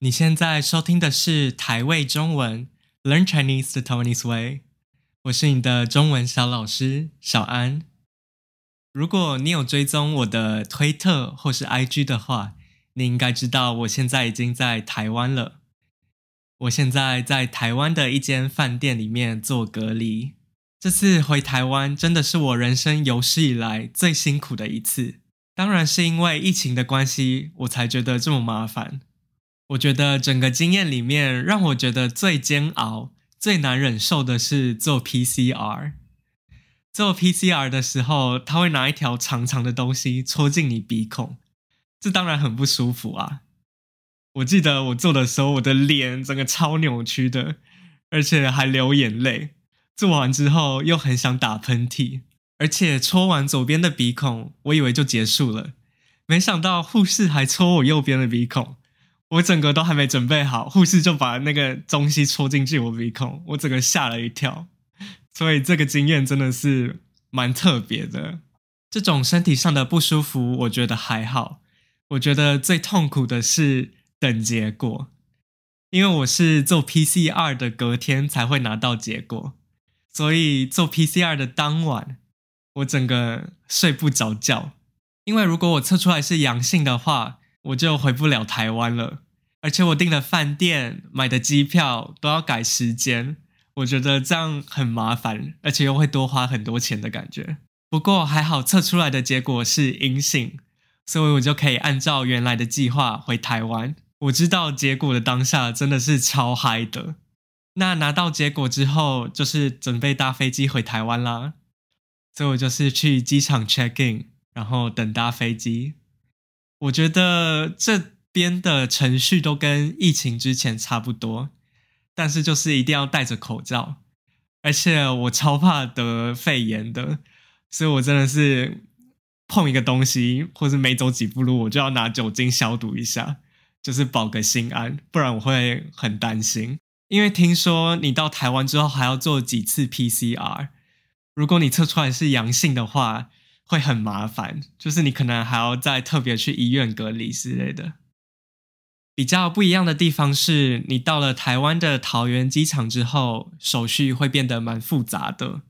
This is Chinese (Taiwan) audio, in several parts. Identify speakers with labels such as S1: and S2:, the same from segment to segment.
S1: 你現在收聽的是台味中文 Learn Chinese the Taiwanese Way，我是你的中文小老師小安。如果你有追蹤我的推特或是 IG 的話，你應該知道我現在已經在台灣了。我現在在台灣的一間飯店裡面做隔離。這次回台灣真的是我人生有史以來最辛苦的一次，當然是因為疫情的關係，我才覺得這麼麻煩。我覺得整個經驗裡面，讓我覺得最煎熬、最難忍受的是做 PCR。做 PCR 的時候，他會拿一條長長的東西戳進你鼻孔，這當然很不舒服啊。我記得我做的時候，我的臉整個超扭曲的，而且還流眼淚。做完之後又很想打噴嚏，而且戳完左邊的鼻孔，我以為就結束了，沒想到護士還戳我右邊的鼻孔。我整個都還沒準備好，護士就把那個東西戳進去我鼻孔，我整個嚇了一跳。所以這個經驗真的是蠻特別的。這種身體上的不舒服，我覺得還好。我覺得最痛苦的是等結果，因為我是做 PCR 的隔天才會拿到結果，所以做 PCR 的當晚，我整個睡不着覺。因為如果我測出來是陽性的話，我就回不了台灣了，而且我訂的飯店、買的機票都要改時間，我覺得這樣很麻煩，而且又會多花很多錢的感覺。不過還好測出來的結果是陰性，所以我就可以按照原來的計劃回台灣。我知道結果的當下真的是超嗨的。那拿到結果之後，就是準備搭飛機回台灣啦，所以我就是去機場 check in，然後等搭飛機。我覺得這邊的程序，都跟疫情之前差不多，但是就是一定要戴着口罩，而且我超怕得肺炎的，所以我真的是碰一個東西或是沒走幾步路，我就要拿酒精消毒一下，就是保個心安，不然我會很擔心。因為聽說你到台灣之後還要做幾次 PCR，如果你測出來是陽性的話。會很麻煩，就是你可能還要再特別去醫院隔離之類的。比較不一樣的地方是，你到了台灣的桃園機場之後，手續會變得蠻複雜的，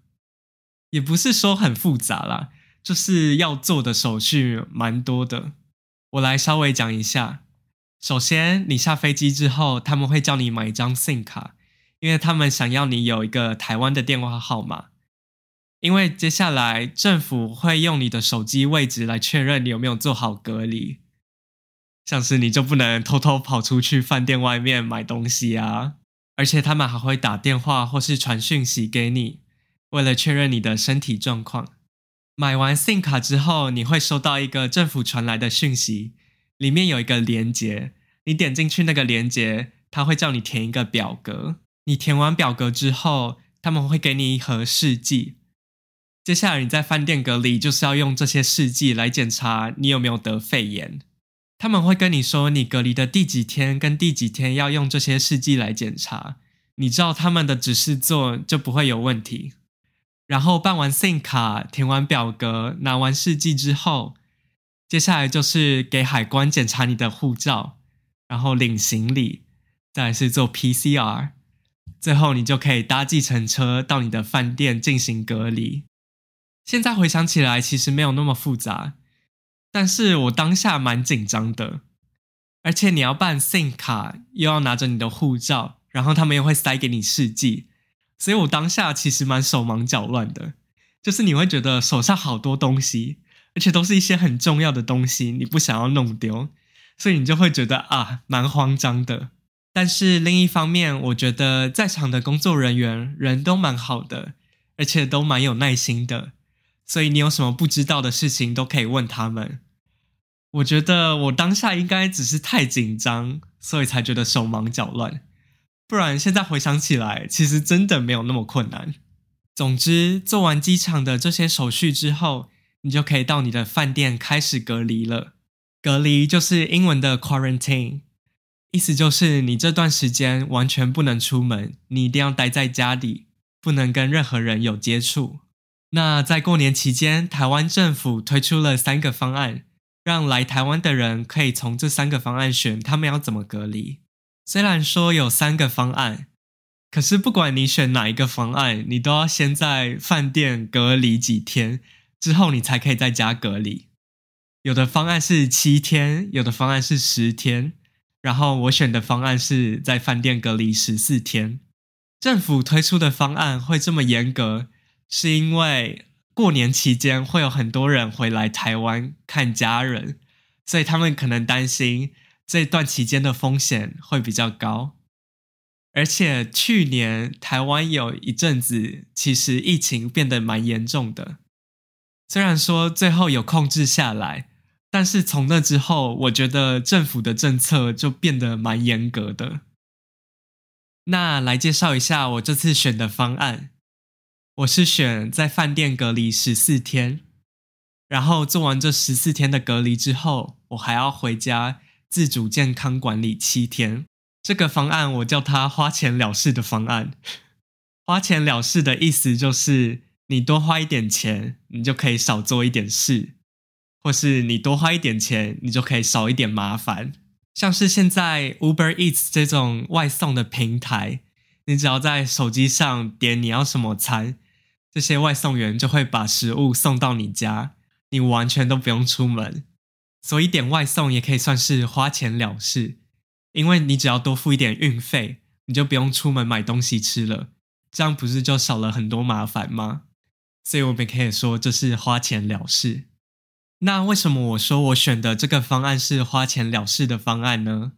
S1: 也不是說很複雜啦，就是要做的手續蠻多的。我來稍微講一下，首先你下飛機之後，他們會叫你買一張 SIM 卡，因為他們想要你有一個台灣的電話號碼。因為接下來政府會用你的手機位置來確認你有沒有做好隔離，像是你就不能偷偷跑出去飯店外面買東西啊！而且他們還會打電話或是傳訊息給你，為了確認你的身體狀況。買完 SIM 卡之後，你會收到一個政府傳來的訊息，裡面有一個連結，你點進去那個連結，他會叫你填一個表格。你填完表格之後，他們會給你一盒試劑。接下來你在飯店隔離，就是要用這些試劑來檢查你有沒有得肺炎。他們會跟你說，你隔離的第幾天跟第幾天要用這些試劑來檢查，你照他們的指示做就不會有問題。然後辦完 SIM 卡，填完表格，拿完試劑之後，接下來就是給海關檢查你的護照，然後領行李，再來是做 PCR，最後你就可以搭計程車到你的飯店進行隔離。現在回想起來，其實沒有那麼複雜，但是我當下蠻緊張的，而且你要辦 SIM 卡，又要拿着你的護照，然後他們又會塞給你試劑，所以我當下其實蠻手忙腳亂的，就是你會覺得手上好多東西，而且都是一些很重要的東西，你不想要弄丟，所以你就會覺得啊蠻慌張的。但是另一方面，我覺得在場的工作人員人都蠻好的，而且都蠻有耐心的。所以你有什麼不知道的事情都可以問他們。我覺得我當下應該只是太緊張，所以才覺得手忙腳亂。不然現在回想起來，其實真的沒有那麼困難。總之，做完機場的這些手續之後，你就可以到你的飯店開始隔離了。隔離就是英文的 quarantine，意思就是你這段時間完全不能出門，你一定要待在家裡，不能跟任何人有接觸。那在過年期間，台灣政府推出了三個方案，讓來台灣的人可以從這三個方案選他們要怎麼隔離。雖然說有三個方案，可是不管你選哪一個方案，你都要先在飯店隔離幾天，之後你才可以在家隔離。有的方案是七天，有的方案是十天，然後我選的方案是在飯店隔離十四天。政府推出的方案會這麼嚴格？是因為過年期間會有很多人回來台灣看家人，所以他們可能擔心這段期間的風險會比較高。而且去年台灣有一陣子，其實疫情變得蠻嚴重的。雖然說最後有控制下來，但是從那之後，我覺得政府的政策就變得蠻嚴格的。那來介紹一下我這次選的方案。我是選在飯店隔離十四天，然後做完這十四天的隔離之後，我還要回家自主健康管理七天。這個方案我叫它「花錢了事」的方案。花錢了事的意思就是，你多花一點錢，你就可以少做一點事，或是你多花一點錢，你就可以少一點麻煩。像是現在 Uber Eats 這種外送的平台，你只要在手機上點你要什麼餐。這些外送員就會把食物送到你家，你完全都不用出門，所以點外送也可以算是花錢了事，因為你只要多付一點運費，你就不用出門買東西吃了，這樣不是就少了很多麻煩嗎？所以我們可以說這是花錢了事。那為什麼我說我選的這個方案是花錢了事的方案呢？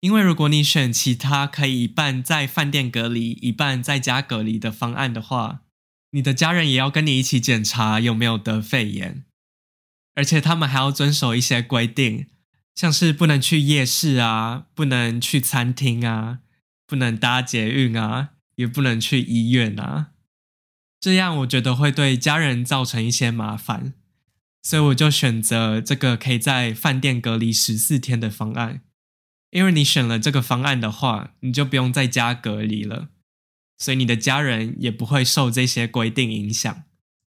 S1: 因為如果你選其他可以一半在飯店隔離，一半在家隔離的方案的話。你的家人也要跟你一起檢查有沒有得肺炎，而且他們還要遵守一些規定，像是不能去夜市啊，不能去餐廳啊，不能搭捷運啊，也不能去醫院啊。這樣我覺得會對家人造成一些麻煩，所以我就選擇這個可以在飯店隔離十四天的方案。因為你選了這個方案的話，你就不用在家隔離了。所以你的家人也不會受這些規定影響，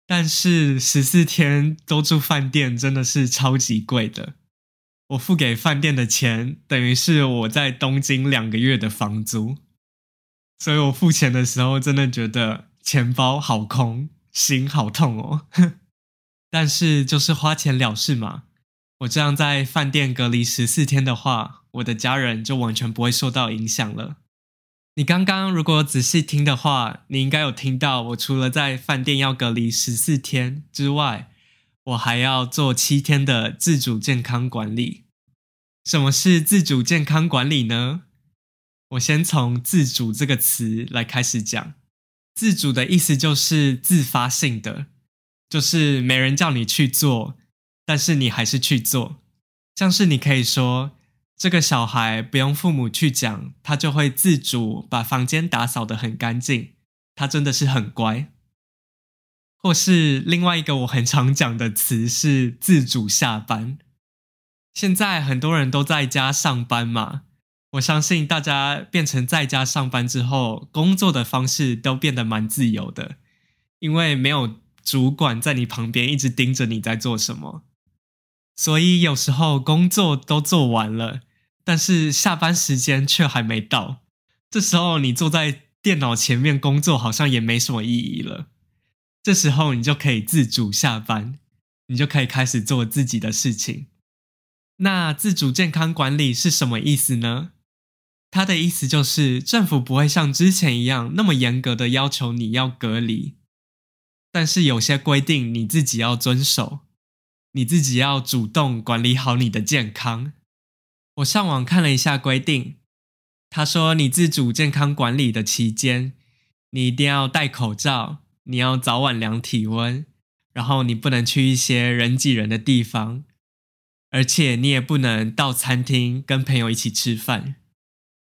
S1: 但是十四天都住飯店真的是超級貴的，我付給飯店的錢等於是我在東京兩個月的房租，所以我付錢的時候真的覺得錢包好空，心好痛哦。 但是就是花錢了事嘛，我這樣在飯店隔離十四天的話，我的家人就完全不會受到影響了。你剛剛如果仔細聽的話，你應該有聽到我除了在飯店要隔離十四天之外，我還要做七天的自主健康管理。什麼是自主健康管理呢？我先從“自主”這個詞來開始講。自主的意思就是自發性的，就是沒人叫你去做，但是你還是去做。像是你可以說，這個小孩不用父母去講，他就會自主把房間打掃得很乾淨。他真的是很乖。或是另外一個我很常講的詞是“自主下班”。現在很多人都在家上班嘛，我相信大家變成在家上班之後，工作的方式都變得蠻自由的，因為沒有主管在你旁邊一直盯着你在做什麼。所以有時候工作都做完了，但是下班時間卻還沒到。這時候你坐在電腦前面工作好像也沒什麼意義了。這時候你就可以自主下班，你就可以開始做自己的事情。那自主健康管理是什麼意思呢？它的意思就是政府不會像之前一樣那麼嚴格的要求你要隔離，但是有些規定你自己要遵守。你自己要主動管理好你的健康。我上網看了一下規定，他說，你自主健康管理的期間，你一定要戴口罩，你要早晚量體溫，然後你不能去一些人擠人的地方，而且你也不能到餐廳跟朋友一起吃飯。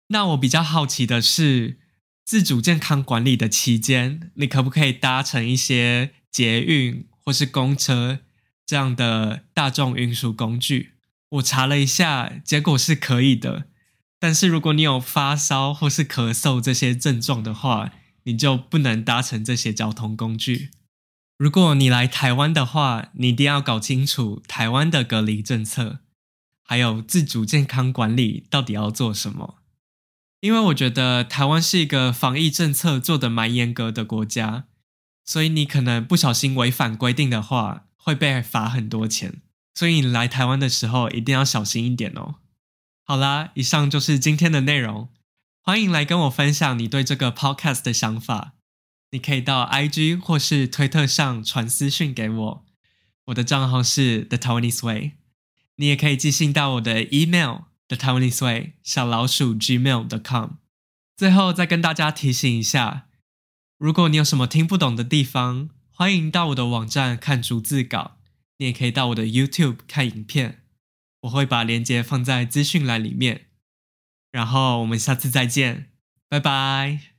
S1: 那我比較好奇的是，自主健康管理的期間，你可不可以搭乘一些捷運或是公車？這樣的大眾運輸工具，我查了一下，結果是可以的。但是如果你有發燒或是咳嗽這些症狀的話，你就不能搭乘這些交通工具。如果你來台灣的話，你一定要搞清楚台灣的隔離政策，還有自主健康管理到底要做什麼。因為我覺得台灣是一個防疫政策做得蠻嚴格的國家，所以你可能不小心違反規定的話。會被罰很多錢，所以你來台灣的時候一定要小心一點哦。好啦，以上就是今天的內容。歡迎來跟我分享你對這個 podcast 的想法，你可以到 IG 或是推特上傳私訊給我，我的賬號是 The Taiwanese Way。你也可以寄信到我的 email The Taiwanese Way 小老鼠 gmail.com。最後再跟大家提醒一下，如果你有什麼聽不懂的地方，歡迎到我的網站看逐字稿，你也可以到我的 YouTube 看影片，我會把連結放在資訊欄裡面。然後我們下次再見，拜拜。